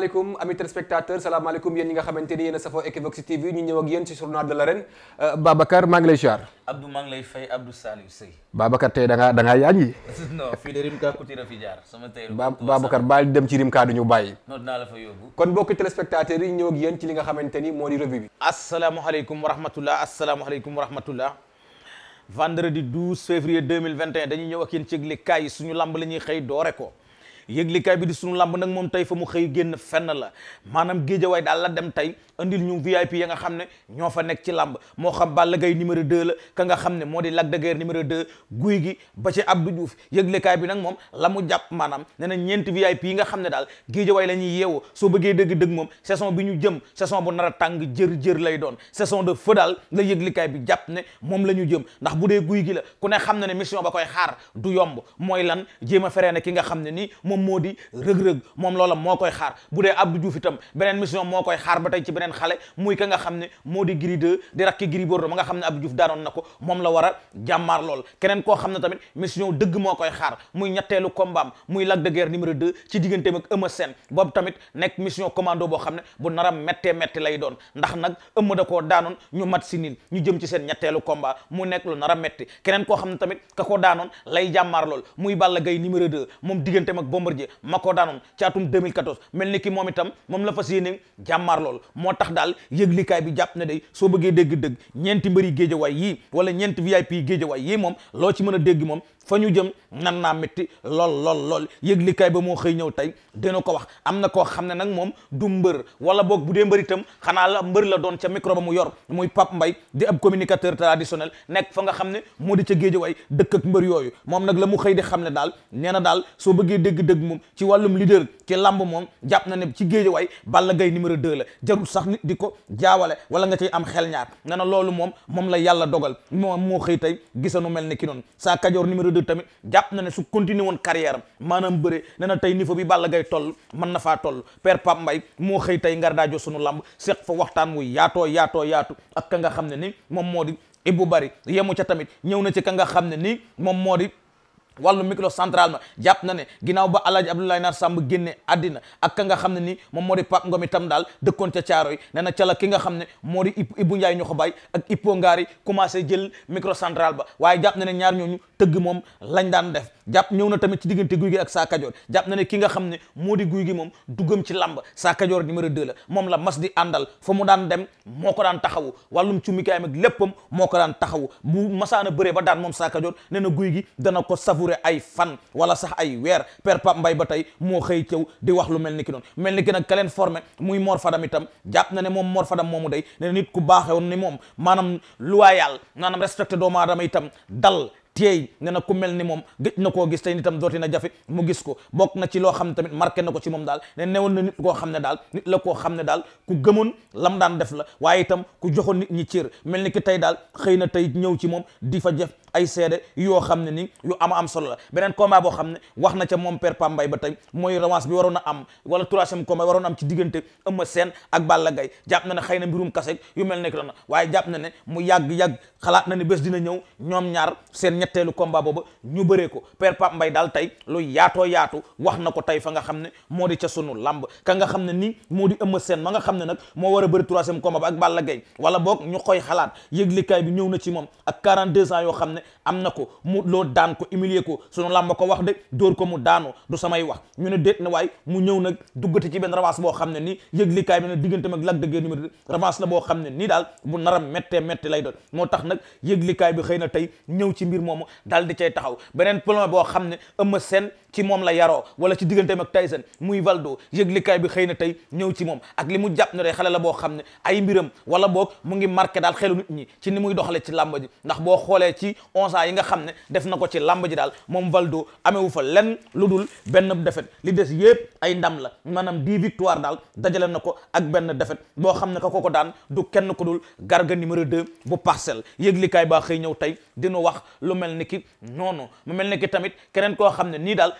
salaamaaleykum amis téléspectateurs salaamaaleykum yéen ñi nga xamante ni yéen a safoo Equivox TV ñu ñëw ak yéen ci journal de l'arène euh, Babacar maa ngi lay ziar. Abdou maa ngi lay fay Abdou Saliou nga Babacar tey da ngaa da ngaa yaaji. non fii de Rimka Koutira dem ci Rimka du ñu bàyyi. non dinaa la fa yóbbu. kon mbokki téléspectateurs yi ñëw yéen ci li nga xamante ni moo di revue bi. asalaamaaleykum wa rahmatulah asalaamaaleykum wa rahmatulah. vendredi 12 février 2021 dañuy ñëw ak yéen ci yëgle kaay suñu lamb la ñuy xëy doore ko yëglikaay bi di sunu làmb nag moom tey fa mu xëy génn fenn la maanaam géejawaay daal la dem tey andil ñu VIP ya nga xam ne ñoo fa nekk ci làmb moo xam Balla Gaye numéro 2 la ka nga xam ne moo di Lac de Guiers numéro 2 guy gi ba ci Abdou Diouf yëglekaay bi nag moom la mu jàpp maanaam ne na ñeenti VIP yi nga xam ne daal Guédiawaye la ñuy yeewu soo bëggee dëgg dëgg moom saison bi ñu jëm saison bu nar a tàng jër jër lay doon saison de feu daal la yëglekaay bi jàpp ne moom la ñu jëm ndax bu dee guy gi la ku ne xam na ne mission ba koy xaar du yomb mooy lan jéem a feree ne ki nga xam ne nii moom moo di rëg-rëg moom loola moo koy xaar bu dee Abdou Diouf itam beneen mission moo koy xaar ba tey ci beneen beneen xale muy ka nga xam ne moo di Gris 2 di rakki Gris Bordeaux ma nga xam ne Abdou Diouf daanoon na ko moom la war a jàmmaar lool keneen koo xam ne tamit mission dëgg moo koy xaar muy ñetteelu combat muy Lac de Guerre numéro 2 ci digganteem ak Eumeu Sène boobu tamit nekk mission commando boo xam ne bu naram méttee métti lay doon ndax nag Eumeu da koo daanoon ñu mat si nil ñu jëm ci seen ñetteelu combat mu nekk lu nara metti keneen koo xam ne tamit ka ko daanoon lay jàmmaar lool muy Balla Gaye numéro 2 moom digganteem ak Bombardier ma ko daanoon ci atum 2014 mel ni ki moom itam moom la fas yéene jàmmaar tax daal yëglikaay bi jàpp na day soo bëggee dégg-dëgg ñeenti mbër mbëri géejawaay yii wala ñeenti VIP géejawaay yii moom loo ci mën a dégg moom fa ñu jëm nan naa métti lool lool lool yëglikaay ba moo xëy ñëw tey dina ko wax am na koo xam ne nag moom du mbër wala boog bu dee mbëri tam xanaa la mbër la doon ca micro mu yor muy Pape mbay di ab communicateur traditionnel nekk fa nga xam ne moo di ca géejawaay dëkk ak mbër yooyu moom nag la mu xëy di xam ne daal nee daal soo bëggee dégg-dëgg moom ci wàllum leader ci lamb moom jàpp na ne ci géejawaay Balla Gaye numéro 2 la nit di ko jaawale wala nga ciy am xel ñaar ne na loolu moom moom la yàlla dogal moom moo xëy tey gisanu mel ne ki noonu saa kajoor numéro 2 tamit jàpp na ne su continuer woon carrière am maanaam bëre ne na tey niveau bi Balla gay toll man na faa toll père Pape Mbaye moo xëy tey ngar daajo sunu lamb seq fa waxtaan wu yaatoo yaatoo yaatu ak ka nga xam ne ni moom moo di Ibou Bari yemu ca tamit ñëw na ci ka nga xam ne ni moom moo di wàllu micro central ma jàpp na ne ginnaaw ba alaaji Abdoulaye Nar Samb génne àddina ak ka nga xam ne ni moom moo di Pape Ngom itam daal dëkkoon ca Caaroy nee na ca la ki nga xam ne moo di Ibou Ndiaye ñoo ko bàyyi ak Ipo Ngaari commencé jël micro central ba waaye jàpp na ne ñaar ñooñu tëgg moom lañ daan def jàpp ñëw na tamit ci diggante guy gi ak saa kajoor jàpp na ne ki nga xam ne moo di guy gi moom duggam ci làmb saa kajoor numéro 2 la moom la mas di àndal fa mu daan dem moo ko daan taxawu wàllum cummikaayam ak léppam moo ko daan taxawu bu masaana bëree ba daan moom saa kajoor nee na guy gi Touré ay fan wala sax ay weer père mbay ba tey moo xëy cëw di wax lu mel ni ki noonu mel ni ki nag ka leen formé muy Mor Fadam itam jàpp na ne moom Mor Fadam moomu day ne nit ku baaxewoon ni moom maanaam loyal maanaam respecté doomu aadama itam dal teey ne na ku mel ni moom gëj na koo gis tey nitam dooti jafe mu gis ko bokk na ci loo xam tamit marqué na ko ci moom daal ne newoon na nit koo xam ne daal la koo xam ne daal ku gëmoon lam daan def la waaye itam ku joxoon nit ñi cër mel ni ki tey daal xëy na tey ñëw ci moom di fa jëf ay seede yoo xam ne ni yu ama am solo la beneen combat boo xam ne wax na ca moom per Pambay ba tey mooy revanche bi waroon a am wala troisième combat waroon a am ci diggante Eumeu Sène ak Balla Gaye jàpp na ne xëy na mbirum kase yu mel nekk doona waaye jàpp na ne mu yàgg-yàgg xalaat na ne bés dina ñëw ñoom ñaar ñetteelu combat booba ñu bëree ko père Pape Mbaye daal tey lu yaatoo yaatu wax na ko tey fa nga xam ne moo di ca sunu lamb ka nga xam ne nii moo di Eumeu Sène ma nga xam ne nag moo war a bëri troisième combat ba ak Balla Gaye wala boog ñu koy xalaat yëglikaay bi ñëw na ci moom ak 42 ans yoo xam ne am na ko mu loo daan ko humilier ko sunu lamb ko wax de dóor ko mu daanoo du samay wax ñu ne déet na waay mu ñëw nag duggati ci benn revanche boo xam ne nii yëglikaay bi ne diggante mag Lac de Guiers numéro revanche la boo xam ne nii daal bu naram méttee métti lay doon moo tax na moomu daal di cay taxaw beneen plan boo xam ne Eumeu Sène ci moom la yaroo wala ci digganteem muy Valdo yëglikaay bi xëy na tey ñëw ci moom ak li mu jàpp ne day xale la boo xam ne ay mbiram wala boog mu ngi marqué daal xelu nit ñi ci ni muy doxale ci làmb ji ndax boo xoolee ci onze ans yi nga xam ne def na ko ci làmb ji daal moom Valdo amewu fa lenn lu dul benn defet li des yépp ay ndam la maanaam dix victoire daal dajale na ko ak benn defet boo xam ne ka ko ko daan du kenn ku dul garga numéro deux bu parcelle yëglikaay baa xëy ñëw tey dinu wax lu mel ni ki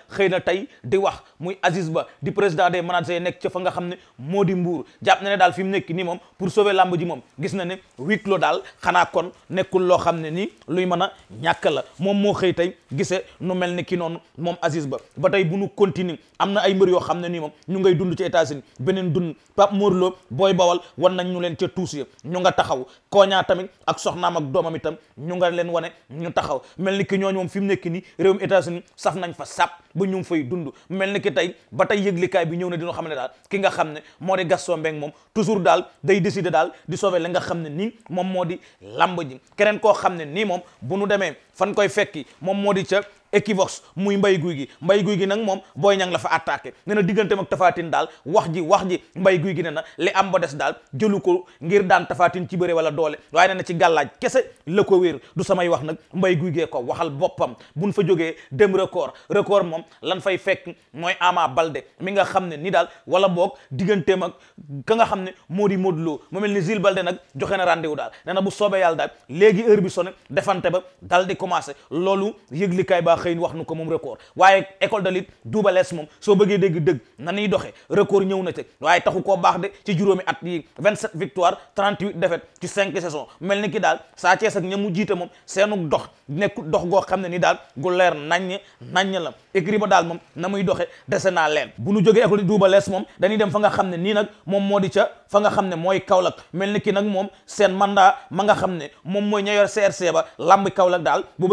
xëy na tey di wax muy Aziz Ba di président des managers nekk ca fa nga xam ne moo di Mbour jàpp na ne daal fi mu nekk nii moom pour sauver lamb ji moom gis na ne huis clos daal xanaa kon nekkul loo xam ne nii luy mën a ñàkk la moom moo xëy tey gise nu mel ni ki noonu moom Aziz Ba ba tey bu nu continuer am na ay mbër yoo xam ne nii moom ñu ngay dund ci États-Unis beneen dund Pape Mor booy Bawal wan nañ ñu leen ca tuus ya ñu nga taxaw koñaa tamit ak soxnaam ak doomam itam ñu nga leen wane ñu taxaw mel ni ki ñooñu fi mu nekk nii réewum États-Unis nañ fa sap ba ñu ngi fay dund mel ni ki tey ba tey yëglikaay bi ñëw ne dina xam ne daal ki nga xam ne moo di Gaston Mbengue moom toujours daal day décider daal di sauver la nga xam ne nii moom moo di lamb ji keneen koo xam ne nii moom bu nu demee fan koy fekki moom moo di ca Equivox muy mbay guy gi mbay guy gi nag moom booy ñang la fa attaqué ne na diggante mag tafaatin daal wax ji wax ji mbay guy gi ne na li am ba des daal jëlu ko ngir daan tafaatin ci bëre wala doole waaye ne na ci gàllaaj kese la ko wéer du samay wax nag mbay guy gee ko waxal boppam buñ fa jógee dem record record moom lan fay fekk mooy Ama Balde mi nga xam ne ni daal wala boog diggantee mag ka nga xam ne moo di Modou Lo mu mel ni Zil Balde nag joxe na rendez-vous ne na bu soobee yàlla daal léegi heure xëy wax nu ko moom record waaye école de lutte Double Less moom soo bëggee dégg dëgg na nuy doxee record ñëw na te waaye taxu koo baax de ci juróomi at yi 27 victoire 38 défaite ci 5 saisons mel ni ki daal Sa Thiès ak jiite moom seenu dox nekku dox goo xam ne ni daal gu leer naññ naññ la écrit ba daal moom na muy doxe dese naa leen bu nu jógee école Double Less moom dañuy dem fa nga xam ne nii nag moom moo di ca fa nga xam ne mooy Kaolack mel ni ki nag moom seen mandat ma nga xam ne moom mooy ña yor CRC ba lamb Kaolack daal bu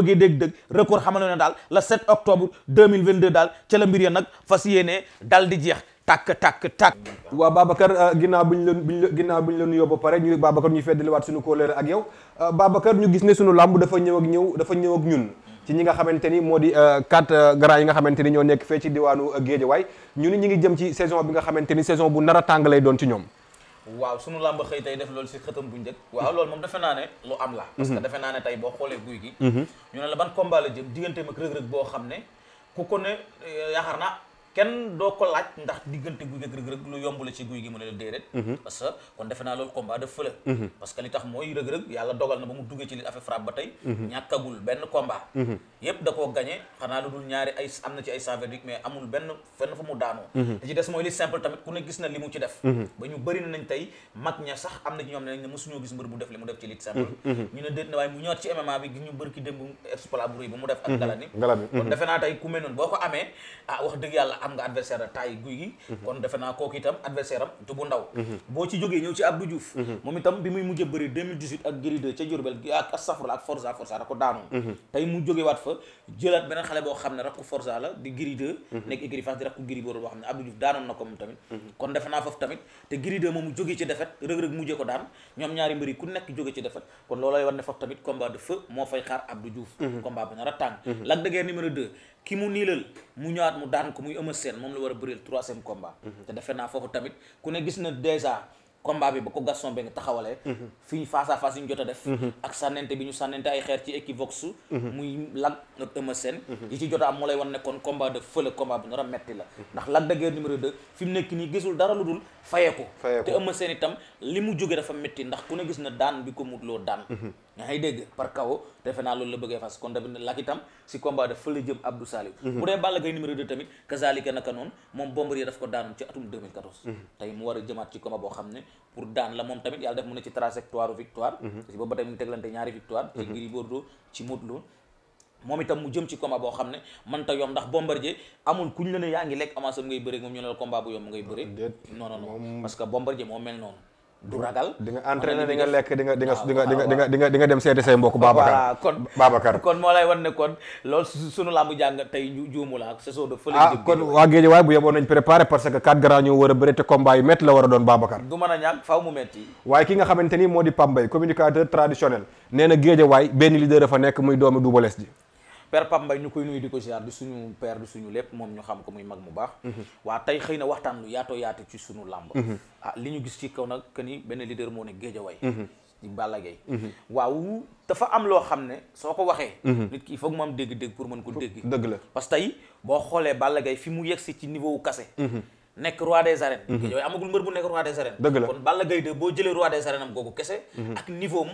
le 7 octobre 2022 daal ca la mbir ya nag fas yéene dal di jeex tàkk tàkk tàkk waaw Babacar euh, ginnaaw bi ñu la bi ñu ginnaaw bi ñu la nuyoo ba pare ñu Babacar ñu feddaliwaat suñu kóolóore ak yow euh, Babacar ñu gis ne suñu làmb dafa ñëw ak ñëw dafa ñëw ak ñun ci ñi nga xamante ni moo di euh, quatre grands yi nga xamante ni ñoo nekk fee ci diwaanu Géejawaay ñu ni ñi ngi jëm ci saison bi nga xamante ni saison bu nar a tàng lay doon ci ñoom waaw sunu làmb xëy tey def loolu si xëtam bu njëkk waaw loolu moom defe naa ne lu am la parce que mhm. defe naa ne boo xoolee guy gi mhm. ñu ne la ban combat jëm digganteem ak rëg-rëg boo xam ne ku ko ne eh, yaakaar na kenn doo ko laaj ndax diggante guy gi rëg-rëg lu yomb ci guy gi mu ne la déedéet mhm. parce kon defe naa loolu combat de fële mhm. parce li tax mooy rëg-rëg yàlla dogal na ba mu duggee ci li affaire frappe bu mu def ak mhm. galani galani kon defe naa tey ku mel boo ko amee ah, wax dëgg yàlla am nga adversaire a taay guy gi mhm. kon defe naa kooku itam adversaire am du bu ndaw mhm. boo ci jógee ñëw ci Abdou Diouf mhm. moom itam bi muy mujj bëri ak Gris ca Diourbel ak safra ak Forza Forza da ko daanoon tey mu jóge waat fa jëlaat beneen xale boo xam ne rakku Forza la di Gris nekk écurie di rakku Gris boobu boo xam ne Abdou Diouf daanoon na ko moom tamit kon defe naa foofu tamit te Gris moom mu jógee ci defet rëg-rëg mujjee ko daan ñoom ñaari mbër a ki mu niilal mu ñëwaat mu daan ko muy Eumeu Sène moom la war a bëreel troisième combat. Mhm. te defe naa foofu tamit ku ne gis na déjà combat bi ba ko Gaston Mbengue taxawalee. Mhm. fi face à face yi ñu jot a def. Mhm. ak sànnente bi ñu sànnente ay xeer ci Equivox. muy Lac ak Eumeu Sène. yi ci jot a am moo lay wan ne kon combat de fële combat bu nar a metti la. ndax Lac de Guiers numéro 2 fi mu nekk nii gisul dara lu dul fayee ko. te Eumeu Sène itam li mu jógee dafa metti ndax ku ne gis na daan bi ko mudloo daan. yaa ngi dégg par kaw defe naa loolu la bëggee fas kon tamit lak itam si combat daf fële jëm Abdou mhm. mhm. xam ne mhm. ñaari victoire ci Gris ci Modou Lô moom itam mu jëm ci combat boo xam ne man ta yomb ndax Bombardier amul kuñ la ne yaa ngi lekk avance am ngay bëre moom ñu la combat bu yomb ngay bëre non non parce que Bombardier moo mel noonu du ragal. di nga entraîné di nga lekk di nga di nga di nga di nga di nga dem seeti say mbokk. Babacar kon Babacar. kon moo lay wan ne kon loolu sunu làmb jàng tey juumu la ak saison de fële. ah kon waa géej waaye bu yeboon nañ préparé parce que quatre grands ñoo war a bëri te combat yu métti la war a doon Babacar. du mën a ñàkk faaw mu métti. waaye ki nga xamante ni moo di Pambay communicateur traditionnel nee na géej waay benn leader dafa nekk muy doomi Double Less ji. père Pape Mbaye ñu koy nuyu di ko ziar di suñu père di suñu lépp moom ñu xam ko muy mag mu baax mhm. waa tey xëy na waxtaan lu yaatoo yaatu ci suñu làmb mhm. ah li ñu gis ci kaw nag que ni benn leader moo ne Géejawaay mhm. di Balla Gaye loo xam ne soo ko waxee nit ki foog mu am boo xoolee Balla Gaye fi mu yegsi ci niveau kase nekk roi des arènes Géejawaay amagul mbër bu nekk roi des arènes dëgg la kon Balla Gaye de boo jëlee roi des arènes googu kese ak niveau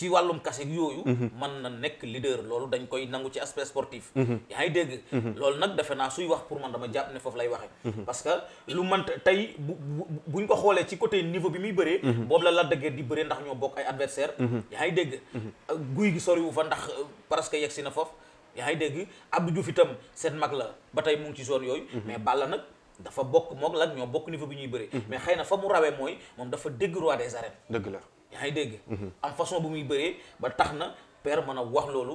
ci wàllum kase yooyu mhm. mën na nekk leader loolu dañ koy nangu ci aspect sportif mhm. yaa ngi dégg mhm. loolu nag defe naa suy wax pour man dama jàpp ne foofu lay waxe parce que lu man tey bu buñ ko xoolee ci côté niveau bi muy bëree boobu la la dëggee di bëree ndax ñoo bokk ay adversaire yaa ngi dégg euh, guy gi soriwu fa ndax euh, presque yegg si na foofu yaa ngi dégg du Diouf itam seen mag la ba tey mu ngi ci zone yooyu mais Balla nag dafa bokk mook lag ñoo bokk niveau bi ñuy bëree mais xëy na fa mu rawee mooy moom dafa dégg roi la yaa ngi dégg. am façon bu muy bëree ba tax na per mën a wax loolu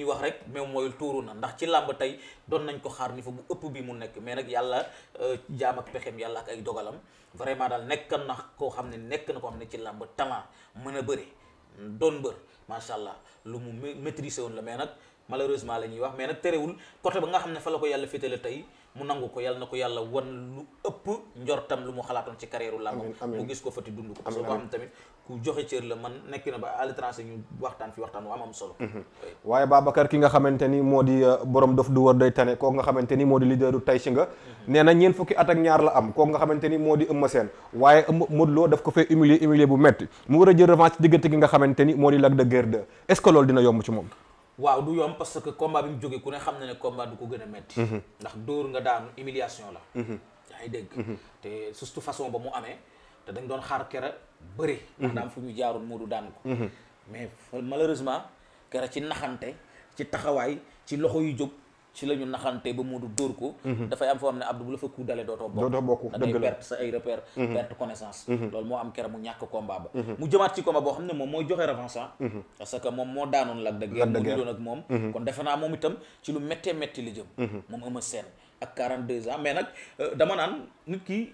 ñuy wax rek même mooy tuuru na ndax ci làmb tey doon nañ ko xaar ni fa bu ëpp bii mu nekk mais nag yàlla euh, jaam ak pexem yàlla ak ay dogalam vraiment daal nekk na koo xam ne nekk na koo xam ne ci làmb talent mën a bëre doon mbër macha allah lu mu maîtriser woon la mais nag malheureusement la ñuy wax mais nag terewul côté ba nga xam ne fa la ko yàlla féetale tey mu nangu ko yàlla na ko yàlla wan lu ëpp njortam lu mu xalaatoon ci carrière u làmb mu gis ko fati dund ko parce que ko la man nekk na ba à l'étranger ñu waxtaan fi waxtaan wu am am solo mhm. waaye Babacar ki nga xamante ni moo di euh, borom dof du wër day tane kooku nga xamante ni moo di leader du tay si nga mhm. nee na ñeen fukki at ak ñaar la am kooku nga xamante ni moo di Eumeu Sène waaye Modou Lo daf ko fee humilier humilier bu metti mu war a jël revanche diggante gi nga xamante ni moo di Lac de Guiers 2 est-ce dina yomb ci moom waaw du yomb parce que combat bi mu jógee ku ne xam na ne combat du ko gën a metti mhm. ndax dóor nga daanu humiliation la mhm. yaa ngi dégg mhm. te surtout façon ba mu amee te dañ doon xaar kera bëri ndax daam fu ñu jaaroon Modou daan ko mais malheureusement kera ci naxante ci taxawaay ci loxo yu jóg ci la naxante ba Moodu dóor ko mhm. dafay am foo xam ne Abdou bu la fa coup dalee dootoo bokk dootoo bokk dëgg perte mhm. connaissance mhm. loolu moo am kere mu ñàkk combat ba mu jëmaat ci combat boo xam ne moom mooy joxe revanche ah. parce que moom moo daanoon Lac de Guiers mu doon ak moom kon defe naa moom itam ci lu méttee métti li jëm moom Eumeu Sène ak 42 ans mais nag euh, dama naan nit ki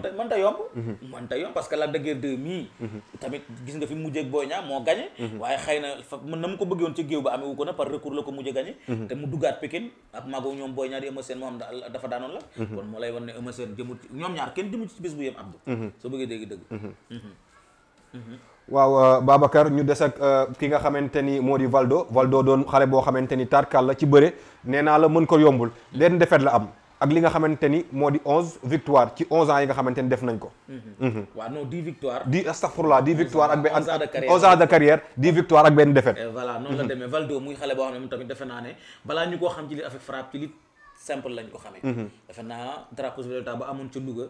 mënta mënta yomb mënta yomb parce que Lac de Guiers mii tamit gis nga fi mujjeeg Boy Niang moo gagné waaye xëy na fa na mu ko bëggoon ci géew ba amee wu ko na par recours la ko mujj gagné te mu duggaat Pikine ak mago ñoom Boy Niang di Eumeu moo xam dafa daanoon la kon moo lay wan ne Eumeu Sène ñoom ñaar kenn jëmut ci bis bu yem Abdou soo bëggee dégg dëgg waaw euh, Babacar ñu des ak euh, ki nga xamante ni moo di Valdo Valdo doon xale boo xamante ni tarkal la ci bëre nee la mën ko yombul benn defet la am ak li nga xamante ni moo di onze victoire ci onze ans yi nga xamante ni def nañ ko. Mhm. Mhm. waaw non dix victoire. dix ak benn onze victoire ak benn défaite. voilà noonu la mhm. demee Valdo muy xale boo xam ne moom tamit defe naa ne balaa ñu koo xam ci li affaire frappe ci li simple lañ ko xamee. defe naa drapeau Vélota ba amoon ci Louga.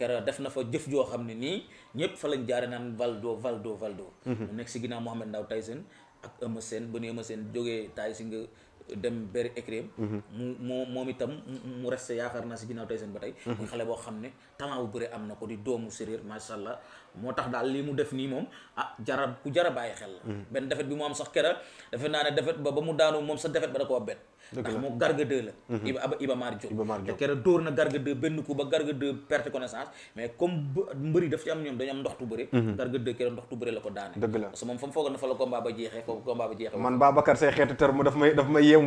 keroog def na fa jëf joo xam ne nii ñëpp fa lañ jaare naan Valdo Valdo Valdo. mu nekk si ginnaaw Mohamed Ndao Tyson ak Eumeu Sène ba ni Eumeu dem beri écrém mhm. mu moo moom itam mu resté yaakaar naa si ginnaaw tey seen ba tey mhm. muy xale boo xam ne talent bu bëre am na ko di doomu séréer macha allah moo tax daal lii mu def nii moom ah jara ku jara bàyyi xel la mhm. benn defet bi mu am sax kera defe naa ne defet ba ba mu daanu moom sax defet ba da koo bett ndax moom garga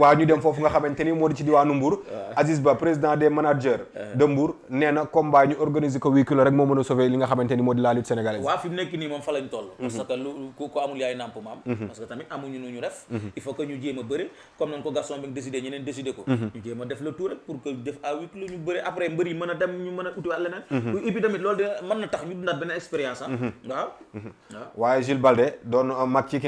waa ñu dem foofu nga xamante moo di ci diwaanu Mbour Aziz Ba président des managers de Mbour nee na combat ñu organiser ko huis clos rek moo mën a sauver li nga xamante moo di la lutte sénégalaise waaw fi mu nekk nii moom fa lañ toll parce mhm. que lu ko amul yaay nàmp maam mhm. parce que tamit amuñu nu ñu mhm. il faut que ñu jéem a bëre comme nañ ko garçon bi décidé décider ñeneen décider ko mhm. ñu a def le tour rek pour que def à huis clos bëri après mbëri mën a dem ñu mën a utiwaat leneen mhm. et na tax ñu dundaat benn expérience ah mhm. waaw waaye Jules Balde doon mag ci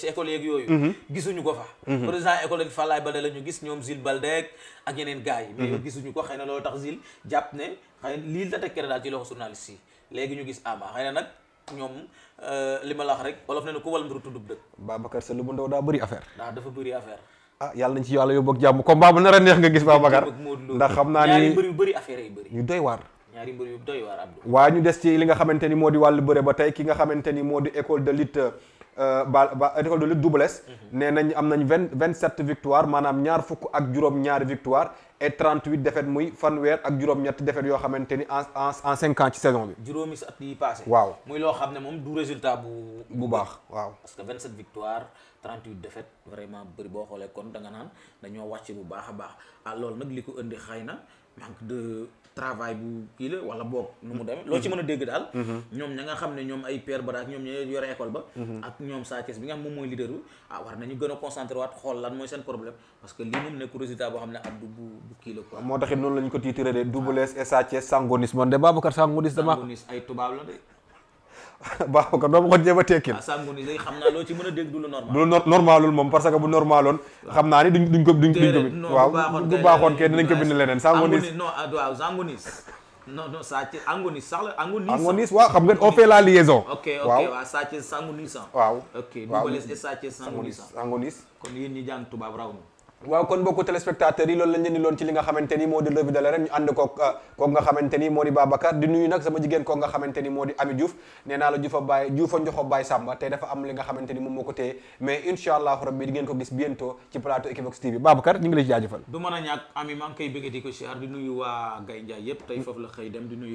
ki yooyu gisuñu ko fa président école yeeg Falaye Balde gisuñu ko xëy jàpp ne xëy na lii la tekkere daal ci loxo journaliste yi léegi ñu gis Ama xëy na nag ñoom euh, li ma la rek wolof ne na ku wal nduru tuddub dëkk Babacar Sall bu ndaw daa bëri affaire daa dafa bëri affaire ah yàlla nañ ci yàlla yóbbu ak jàmm combat bu nar neex nga gis Babacar ndax xam naa ni ñaari mbër yu bëri affaire yi bëri ñu ñaari mbër yu doy waar Abdou waa ñu des ci li nga xamante ni moo di wàllu bëre ba tey ki nga xamante ni moo di école de lutte Euh, ba ba école de lutte Double Less nee nañ am nañ vingt vingt sept victoire maanaam ñaar fukk ak juróom-ñaari victoire et 38 défaites muy fanweer ak juróom-ñetti défaites yoo xamante ni en en en cinq ans ci saison bi. juróomi at yi passé. waaw muy loo xam ne moom du résultat bu. bu baax waaw. parce que 27 victoire 38 défaites vraiment bëri boo xoolee kon da nga naan dañoo wàcc bu baax a baax ah loolu nag li ko indi xëy na travail bu kii la wala boog nu mu mm-hmm. demee loo ci mën a dégg daal mm-hmm. ñoom ña nga xam ne ñoom ay père bara ak ñoom ñoo yore école ba mm-hmm. ak ñoom Sa Thiès bi nga xam moom mooy leader bi ah war nañu gën a oo waat xool lan mooy seen problème parce que lii moom nekk résultat boo xam ne Abdou bu bu kii la quoi moo taxit noonu lañ ko tiitiré de Double Less et sangonis man de Babacar sangonis dama ay tubaab la de waaw kon dama ko jéem a tekkil ah, xam naa loo ci mën du lu normalul moom parce que bu normaloon xam naa ni duñ duñ ko duñ ko bind waaw bu baaxoon kay dinañ ko bind leneen sangonis non waaw xam nga on fait la liaison ok waaw saa ci sangonis waaw ok du ko laisser saa ci sangonis sangonis kon yéen ñi waaw kon mbokku téléspectateurs yi loolu lañ leen di loon ci li nga xamante ni moo di revue de l'arène ñu ànd kook euh, kook nga xamante ni moo di Babacar di nuyu nag sama jigéen kook nga la nga xamante ni moo di a ñàkk nuyu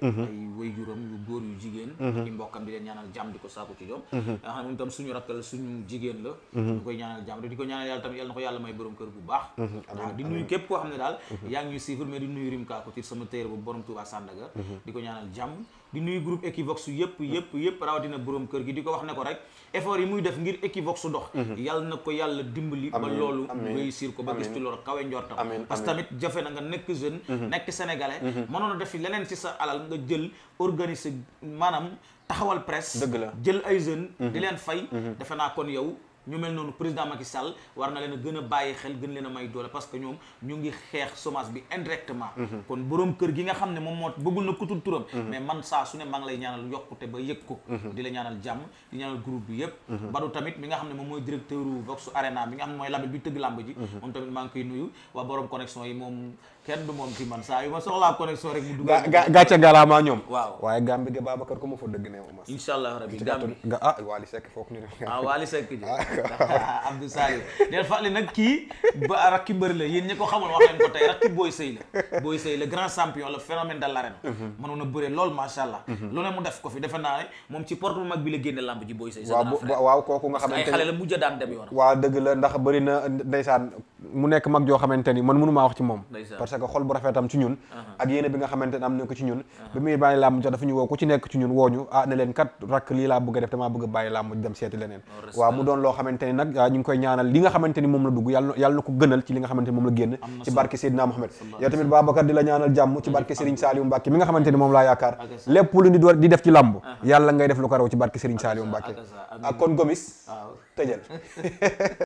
mm-hmm. jigéen mm-hmm. di mbokkam di leen ñaanal jàmm di ko saaku ci ñoom mm-hmm. xam moom tam suñu rakkal suñu jigéen la di koy ñaanal jàmm di ko ñaanal yàlla tam yàlla na ko yàlla may borom kër bu baax waaw mhm. di nuyu képp koo xam ne daal mhm. yaa ngi ñuy suivre mais di nuyu Rim Kaakutir sama téere bu borom Touba Sandaga mhm. di ko ñaanal jàmm di nuyu groupe Equivox yëpp yëpp yëpp rawatina borom kër gi di ko wax ne ko rek effort yi muy def ngir Equivox dox yàlla na ko yàlla dimbali ba loolu réussir ko ba gis ci loolu kawe njortam parce que tamit jafe na nga nekk jeune nekk sénégalais mënoon a def leneen ci sa alal nga jël organiser maanaam taxawal presse dëgg la jël ay jeunes di leen fay defe naa kon yow ñu mel noonu président Macky Sall war na leen a gën a bàyyi xel gën leen a may doole parce que ñoom ñu ngi xeex chômage bi indirectement mhm. kon boroom kër gi nga xam ne moom moo bëggul na kutul turam mhm. mais man saa su ne maa ngi lay ñaanal yokkute ba yëg ko mhm. di la ñaanal jàmm di ñaanal groupe bi yëpp badu tamit mi nga xam ne moom mooy directeur Vox Arena bi nga xam ne mooy label bi tëgg làmb ji moom tamit maa ngi koy nuyu waa borom connexion yi moom kenn du moom ci man saa yu ma soxlaa connexion rek. mu dugal ga gàcce galaamaa ñoom. waaw waaye Gambie ga Babacar ko ma fa dëgg ne ma. incha allah ah, ah, ah, ko xamul de mhm. a bëre lool macha allah. Mhm. lu ne mu def ko fi defe naa ne moom ci porte la génne waaw kooku nga xamante ne ay xale la a dem yoon. waaw dëgg la ndax bëri na ndeysaan mu nekk mag joo xamante ni man mënu maa wax ci moom parce que xol bu rafetam ci ñun uh-huh. ak yéene bi nga xamante am nañ ci ñun uh-huh. bi muy bàyyi làmb jox ñu woo ku ci nekk ci ñun wooñu ah ne kat rakk lii laa bëgg def tamit Babacar di la ñaanal jàmm ci barke Serigne Saliou Mbacke mi nga xamante moom laa yaakaar lépp lu di di def ci làmb uh-huh. yàlla ngay def lu ko raw ci barke Serigne Saliou Mbacke ak ah, kon Gomis tëjal